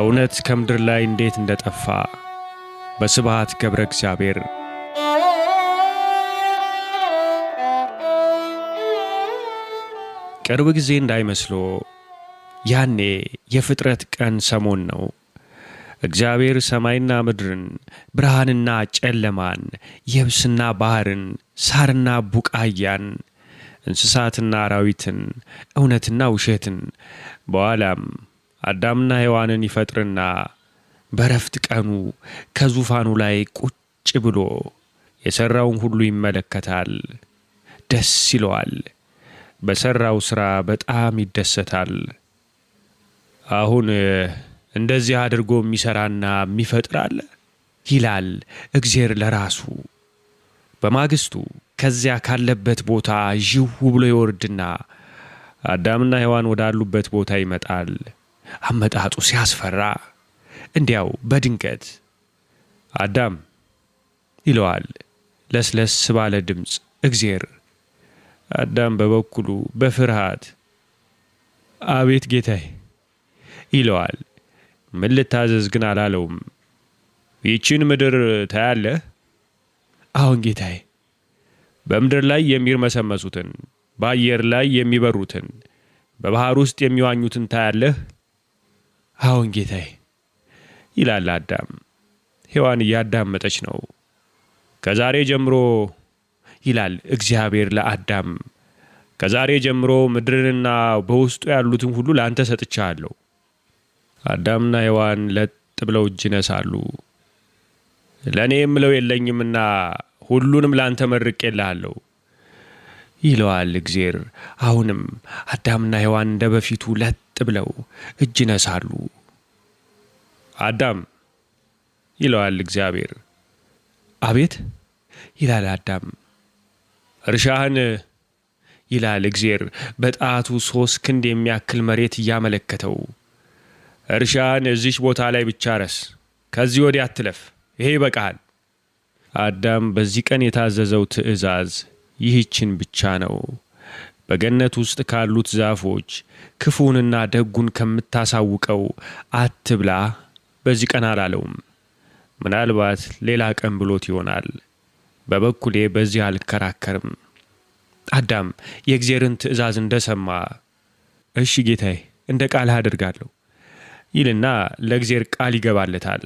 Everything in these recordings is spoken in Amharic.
እውነት ከምድር ላይ እንዴት እንደጠፋ በስብሃት ገብረ እግዚአብሔር ቅርብ ጊዜ እንዳይመስሎ ያኔ የፍጥረት ቀን ሰሞን ነው። እግዚአብሔር ሰማይና ምድርን፣ ብርሃንና ጨለማን፣ የብስና ባህርን ሳርና ቡቃያን፣ እንስሳትና አራዊትን፣ እውነትና ውሸትን፣ በኋላም አዳምና ሔዋንን ይፈጥርና በረፍት ቀኑ ከዙፋኑ ላይ ቁጭ ብሎ የሠራውን ሁሉ ይመለከታል፣ ደስ ይለዋል። በሠራው ሥራ በጣም ይደሰታል። አሁን እንደዚህ አድርጎ የሚሠራና የሚፈጥር አለ ይላል እግዜር ለራሱ። በማግስቱ ከዚያ ካለበት ቦታ ዥው ብሎ ይወርድና አዳምና ሔዋን ወዳሉበት ቦታ ይመጣል። አመጣጡ ሲያስፈራ! እንዲያው በድንገት አዳም ይለዋል ለስለስ ባለ ድምፅ እግዜር። አዳም በበኩሉ በፍርሃት አቤት ጌታዬ ይለዋል። ምን ልታዘዝ ግን አላለውም። ይቺን ምድር ታያለህ? አሁን ጌታዬ። በምድር ላይ የሚርመሰመሱትን፣ በአየር ላይ የሚበሩትን፣ በባህር ውስጥ የሚዋኙትን ታያለህ? አሁን ጌታዬ ይላል አዳም። ሔዋን እያዳመጠች ነው። ከዛሬ ጀምሮ ይላል እግዚአብሔር ለአዳም ከዛሬ ጀምሮ ምድርንና በውስጡ ያሉትን ሁሉ ለአንተ ሰጥቻለሁ። አዳምና ሔዋን ለጥ ብለው እጅ ይነሳሉ። ለእኔ የምለው የለኝምና ሁሉንም ላንተ መርቄልሃለሁ ይለዋል እግዜር። አሁንም አዳምና ሔዋን እንደ በፊቱ ለጥ ብለው እጅ ይነሳሉ። አዳም ይለዋል እግዚአብሔር። አቤት ይላል አዳም። እርሻህን ይላል እግዜር በጣቱ ሶስት ክንድ የሚያክል መሬት እያመለከተው እርሻን እዚች ቦታ ላይ ብቻ ረስ፣ ከዚህ ወዲህ አትለፍ፣ ይሄ ይበቃሃል። አዳም በዚህ ቀን የታዘዘው ትእዛዝ ይህችን ብቻ ነው። በገነት ውስጥ ካሉት ዛፎች ክፉንና ደጉን ከምታሳውቀው አትብላ በዚህ ቀን አላለውም። ምናልባት ሌላ ቀን ብሎት ይሆናል። በበኩሌ በዚህ አልከራከርም። አዳም የእግዜርን ትእዛዝ እንደሰማ እሺ ጌታዬ፣ እንደ ቃልህ አድርጋለሁ ይልና ለእግዚአብሔር ቃል ይገባለታል።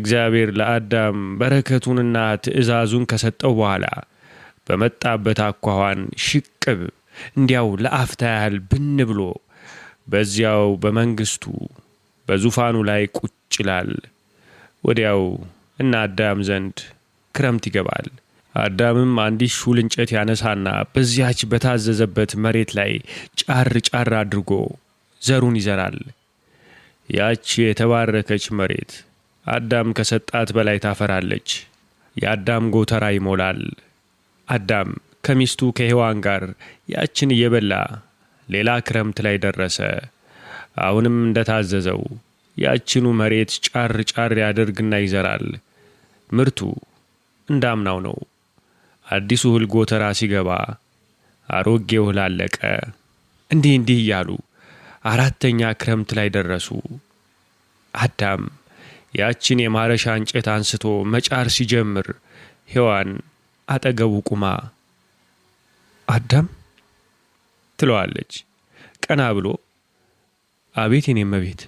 እግዚአብሔር ለአዳም በረከቱንና ትእዛዙን ከሰጠው በኋላ በመጣበት አኳኋን ሽቅብ እንዲያው ለአፍታ ያህል ብን ብሎ በዚያው በመንግስቱ በዙፋኑ ላይ ቁጭ ይላል። ወዲያው እና አዳም ዘንድ ክረምት ይገባል። አዳምም አንዲት ሹል እንጨት ያነሳና በዚያች በታዘዘበት መሬት ላይ ጫር ጫር አድርጎ ዘሩን ይዘራል። ያች የተባረከች መሬት አዳም ከሰጣት በላይ ታፈራለች። የአዳም ጎተራ ይሞላል። አዳም ከሚስቱ ከሔዋን ጋር ያችን እየበላ ሌላ ክረምት ላይ ደረሰ። አሁንም እንደታዘዘው ያችኑ መሬት ጫር ጫር ያደርግና ይዘራል። ምርቱ እንዳምናው ነው። አዲሱ እህል ጎተራ ሲገባ አሮጌው እህል አለቀ። እንዲህ እንዲህ እያሉ አራተኛ ክረምት ላይ ደረሱ። አዳም ያችን የማረሻ እንጨት አንስቶ መጫር ሲጀምር ሔዋን አጠገቡ ቁማ አዳም ትለዋለች። ቀና ብሎ አቤት የኔ እመቤት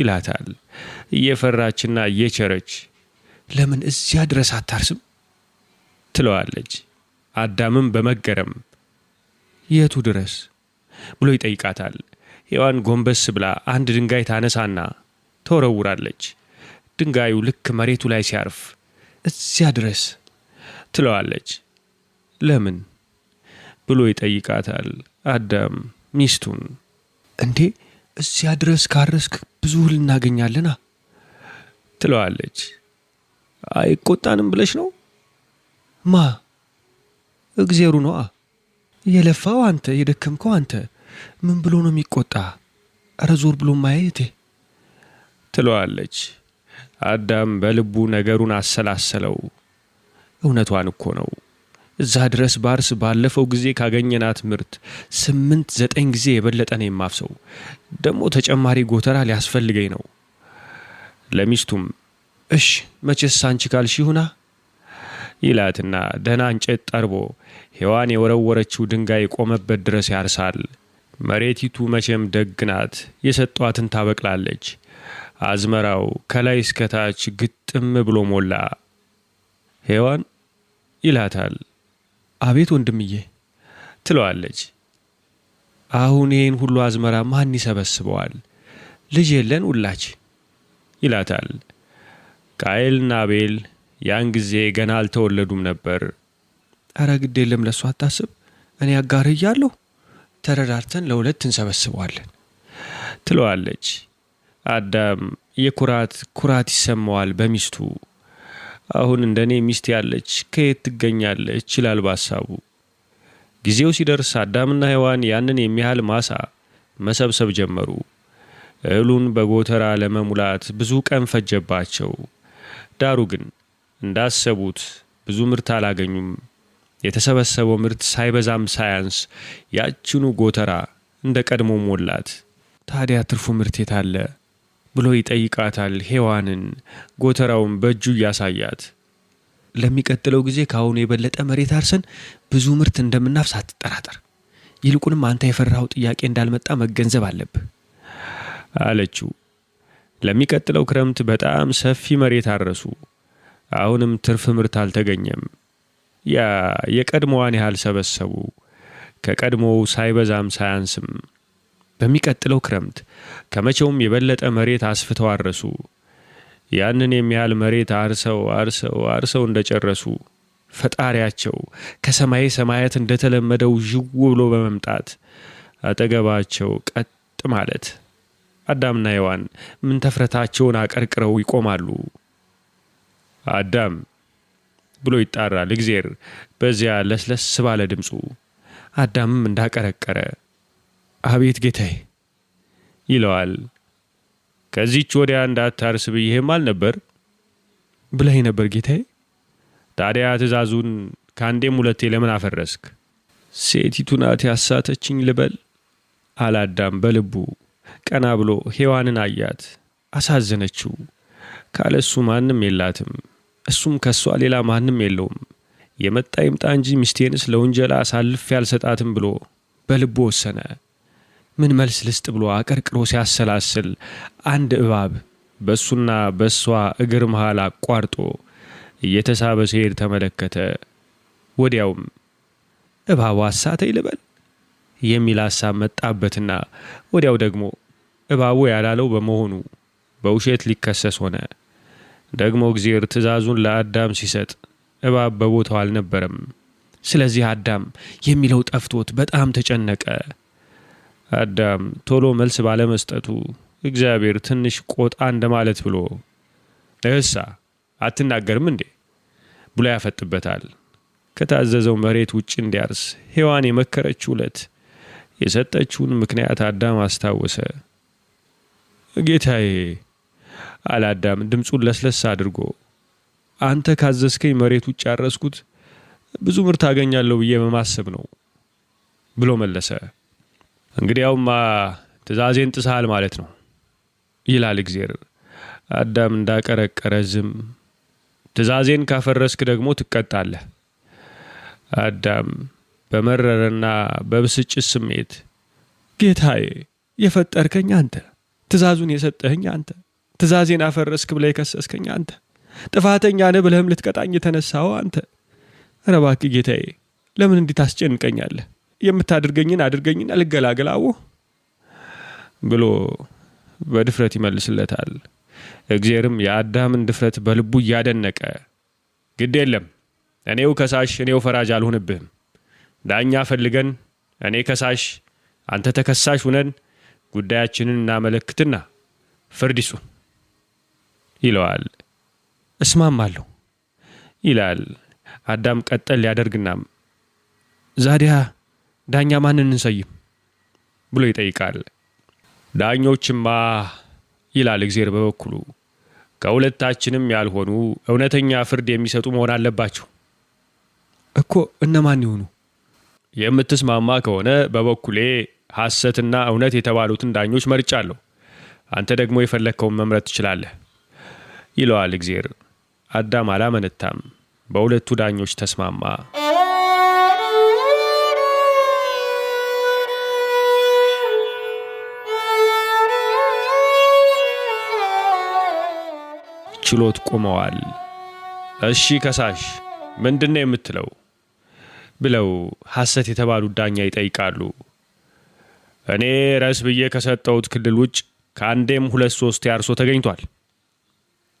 ይላታል። እየፈራችና እየቸረች ለምን እዚያ ድረስ አታርስም ትለዋለች። አዳምም በመገረም የቱ ድረስ ብሎ ይጠይቃታል። ሔዋን ጎንበስ ብላ አንድ ድንጋይ ታነሳና ተወረውራለች። ድንጋዩ ልክ መሬቱ ላይ ሲያርፍ እዚያ ድረስ ትለዋለች። ለምን ብሎ ይጠይቃታል አዳም ሚስቱን። እንዴ እዚያ ድረስ ካረስክ ብዙ እህል እናገኛለና ትለዋለች። አይቆጣንም ብለሽ ነው? ማ እግዜሩ ነዋ። የለፋው አንተ፣ የደከምከው አንተ ምን ብሎ ነው የሚቆጣ? እረ ዞር ብሎ ማየቴ ትለዋለች። አዳም በልቡ ነገሩን አሰላሰለው። እውነቷን እኮ ነው። እዛ ድረስ ባርስ ባለፈው ጊዜ ካገኘናት ምርት ስምንት ዘጠኝ ጊዜ የበለጠ ነው የማፍሰው። ደግሞ ተጨማሪ ጎተራ ሊያስፈልገኝ ነው። ለሚስቱም እሽ መቼስ አንቺ ካልሽ ይሁና ይላትና ደህና እንጨት ጠርቦ ሔዋን የወረወረችው ድንጋይ የቆመበት ድረስ ያርሳል። መሬቲቱ መቼም ደግ ናት፣ የሰጧትን ታበቅላለች። አዝመራው ከላይ እስከታች ግጥም ብሎ ሞላ። ሔዋን ይላታል፣ አቤት ወንድምዬ ትለዋለች። አሁን ይህን ሁሉ አዝመራ ማን ይሰበስበዋል? ልጅ የለን ውላች ይላታል። ቃኤልና አቤል ያን ጊዜ ገና አልተወለዱም ነበር። እረ ግድ የለም ለእሱ አታስብ፣ እኔ አጋር እያለሁ ተረዳርተን ለሁለት እንሰበስበዋለን ትለዋለች። አዳም የኩራት ኩራት ይሰማዋል በሚስቱ። አሁን እንደኔ ሚስት ያለች ከየት ትገኛለች ይላል በሀሳቡ። ጊዜው ሲደርስ አዳምና ሔዋን ያንን የሚያህል ማሳ መሰብሰብ ጀመሩ። እህሉን በጎተራ ለመሙላት ብዙ ቀን ፈጀባቸው። ዳሩ ግን እንዳሰቡት ብዙ ምርት አላገኙም። የተሰበሰበው ምርት ሳይበዛም ሳያንስ ያችኑ ጎተራ እንደ ቀድሞ ሞላት። ታዲያ ትርፉ ምርት የታለ ብሎ ይጠይቃታል ሔዋንን ጎተራውን በእጁ እያሳያት። ለሚቀጥለው ጊዜ ከአሁኑ የበለጠ መሬት አርሰን ብዙ ምርት እንደምናፍስ አትጠራጠር። ይልቁንም አንተ የፈራኸው ጥያቄ እንዳልመጣ መገንዘብ አለብህ አለችው። ለሚቀጥለው ክረምት በጣም ሰፊ መሬት አረሱ። አሁንም ትርፍ ምርት አልተገኘም። የቀድሞዋን ያህል ሰበሰቡ። ከቀድሞው ሳይበዛም ሳያንስም። በሚቀጥለው ክረምት ከመቼውም የበለጠ መሬት አስፍተው አረሱ። ያንን የሚያህል መሬት አርሰው አርሰው አርሰው እንደጨረሱ ፈጣሪያቸው ከሰማይ ሰማያት እንደተለመደው ዥው ብሎ በመምጣት አጠገባቸው ቀጥ ማለት አዳምና ሔዋን ምንተፍረታቸውን አቀርቅረው ይቆማሉ። አዳም ብሎ ይጣራል እግዜር በዚያ ለስለስ ባለ ድምፁ። አዳምም እንዳቀረቀረ አቤት ጌታዬ ይለዋል። ከዚች ወዲያ እንዳታርስ ብዬህም አልነበር ብለይ ነበር ጌታዬ። ታዲያ ትእዛዙን ከአንዴም ሁለቴ ለምን አፈረስክ? ሴቲቱ ናት ያሳተችኝ ልበል አላዳም በልቡ ቀና ብሎ ሔዋንን አያት። አሳዘነችው። ካለሱ ማንም የላትም። እሱም ከእሷ ሌላ ማንም የለውም። የመጣ ይምጣ እንጂ ሚስቴንስ ለውንጀላ አሳልፍ ያልሰጣትም ብሎ በልቡ ወሰነ። ምን መልስ ልስጥ ብሎ አቀርቅሮ ሲያሰላስል አንድ እባብ በእሱና በእሷ እግር መሃል አቋርጦ እየተሳበ ሲሄድ ተመለከተ። ወዲያውም እባቡ አሳተኝ ልበል የሚል ሐሳብ መጣበትና ወዲያው ደግሞ እባቡ ያላለው በመሆኑ በውሸት ሊከሰስ ሆነ። ደግሞ እግዚአብሔር ትእዛዙን ለአዳም ሲሰጥ እባብ በቦታው አልነበረም። ስለዚህ አዳም የሚለው ጠፍቶት በጣም ተጨነቀ። አዳም ቶሎ መልስ ባለመስጠቱ እግዚአብሔር ትንሽ ቆጣ እንደማለት ብሎ እሳ አትናገርም እንዴ ብሎ ያፈጥበታል። ከታዘዘው መሬት ውጭ እንዲያርስ ሔዋን የመከረችው ዕለት የሰጠችውን ምክንያት አዳም አስታወሰ። ጌታዬ አላዳም ድምፁን ለስለስ አድርጎ አንተ ካዘዝከኝ መሬት ውጭ ያረስኩት ብዙ ምርት አገኛለሁ ብዬ በማሰብ ነው ብሎ መለሰ። እንግዲያውማ ትእዛዜን ጥሰሃል ማለት ነው ይላል እግዜር። አዳም እንዳቀረቀረ ዝም። ትእዛዜን ካፈረስክ ደግሞ ትቀጣለህ። አዳም በመረረና በብስጭት ስሜት ጌታዬ፣ የፈጠርከኝ አንተ፣ ትእዛዙን የሰጠህኝ አንተ ትእዛዜን አፈረስክ ብለ የከሰስከኝ አንተ፣ ጥፋተኛ ነ ብለህም ልትቀጣኝ የተነሳው አንተ። ረባክ ጌታዬ፣ ለምን እንዲት አስጨንቀኛለህ የምታደርገኝን አድርገኝና ልገላገላዎ ብሎ በድፍረት ይመልስለታል። እግዚአብሔርም የአዳምን ድፍረት በልቡ እያደነቀ ግድ የለም እኔው ከሳሽ እኔው ፈራጅ አልሆንብህም። ዳኛ ፈልገን እኔ ከሳሽ አንተ ተከሳሽ ሁነን ጉዳያችንን እናመለክትና ፍርድ ይሱን ይለዋል። እስማማለሁ ይላል። አዳም ቀጠል ሊያደርግና ዛዲያ ዳኛ ማንን እንሰይም ብሎ ይጠይቃል። ዳኞችማ ይላል እግዜር በበኩሉ ከሁለታችንም ያልሆኑ እውነተኛ ፍርድ የሚሰጡ መሆን አለባቸው። እኮ እነማን ይሆኑ? የምትስማማ ከሆነ በበኩሌ ሐሰትና እውነት የተባሉትን ዳኞች መርጫለሁ። አንተ ደግሞ የፈለግከውን መምረጥ ትችላለህ። ይለዋል እግዜር። አዳም አላመነታም። በሁለቱ ዳኞች ተስማማ። ችሎት ቆመዋል። እሺ ከሳሽ ምንድን ነው የምትለው? ብለው ሐሰት የተባሉት ዳኛ ይጠይቃሉ። እኔ ረስ ብዬ ከሰጠሁት ክልል ውጭ ከአንዴም ሁለት ሶስት ያርሶ ተገኝቷል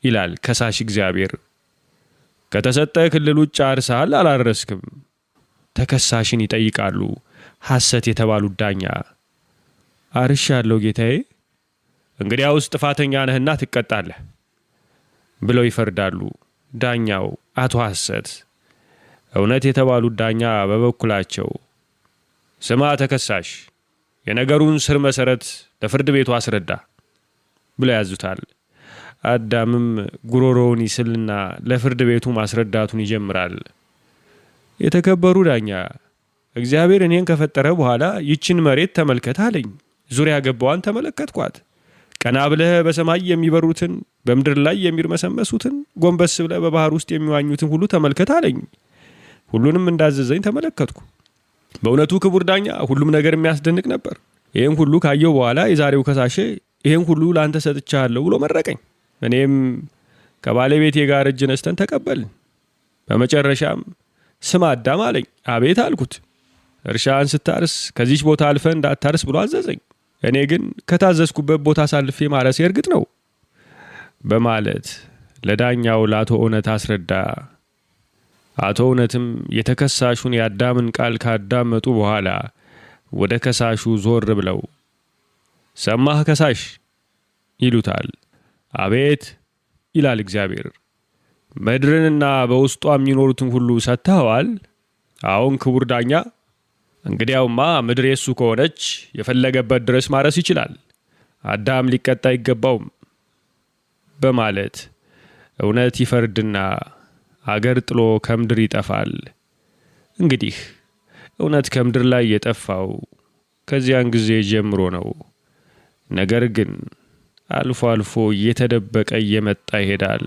ይላል ከሳሽ እግዚአብሔር። ከተሰጠ ክልል ውጭ አርሰሃል፣ አላረስክም። ተከሳሽን ይጠይቃሉ ሐሰት የተባሉት ዳኛ። አርሻለሁ ጌታዬ፣ እንግዲያውስ ጥፋተኛ ነህና ትቀጣለህ ብለው ይፈርዳሉ። ዳኛው አቶ ሐሰት እውነት የተባሉት ዳኛ በበኩላቸው ስማ ተከሳሽ፣ የነገሩን ስር መሰረት ለፍርድ ቤቱ አስረዳ ብለው ያዙታል። አዳምም ጉሮሮውን ይስልና ለፍርድ ቤቱ ማስረዳቱን ይጀምራል። የተከበሩ ዳኛ፣ እግዚአብሔር እኔን ከፈጠረ በኋላ ይችን መሬት ተመልከት አለኝ። ዙሪያ ገባዋን ተመለከትኳት። ቀና ብለህ በሰማይ የሚበሩትን በምድር ላይ የሚርመሰመሱትን ጎንበስ ብለህ በባህር ውስጥ የሚዋኙትን ሁሉ ተመልከት አለኝ። ሁሉንም እንዳዘዘኝ ተመለከትኩ። በእውነቱ ክቡር ዳኛ፣ ሁሉም ነገር የሚያስደንቅ ነበር። ይህን ሁሉ ካየው በኋላ የዛሬው ከሳሼ ይህን ሁሉ ለአንተ ሰጥቻለሁ ብሎ መረቀኝ። እኔም ከባለቤቴ ጋር እጅ ነስተን ተቀበልን። በመጨረሻም ስም አዳም አለኝ። አቤት አልኩት። እርሻን ስታርስ ከዚች ቦታ አልፈ እንዳታርስ ብሎ አዘዘኝ። እኔ ግን ከታዘዝኩበት ቦታ አሳልፌ ማረሴ እርግጥ ነው በማለት ለዳኛው ለአቶ እውነት አስረዳ። አቶ እውነትም የተከሳሹን የአዳምን ቃል ካዳመጡ በኋላ ወደ ከሳሹ ዞር ብለው ሰማህ ከሳሽ ይሉታል። አቤት ይላል እግዚአብሔር፣ ምድርንና በውስጧ የሚኖሩትን ሁሉ ሰጥተኸዋል። አሁን ክቡር ዳኛ፣ እንግዲያውማ ምድር የሱ ከሆነች የፈለገበት ድረስ ማረስ ይችላል፣ አዳም ሊቀጣ አይገባውም በማለት እውነት ይፈርድና አገር ጥሎ ከምድር ይጠፋል። እንግዲህ እውነት ከምድር ላይ የጠፋው ከዚያን ጊዜ ጀምሮ ነው። ነገር ግን አልፎ አልፎ እየተደበቀ እየመጣ ይሄዳል።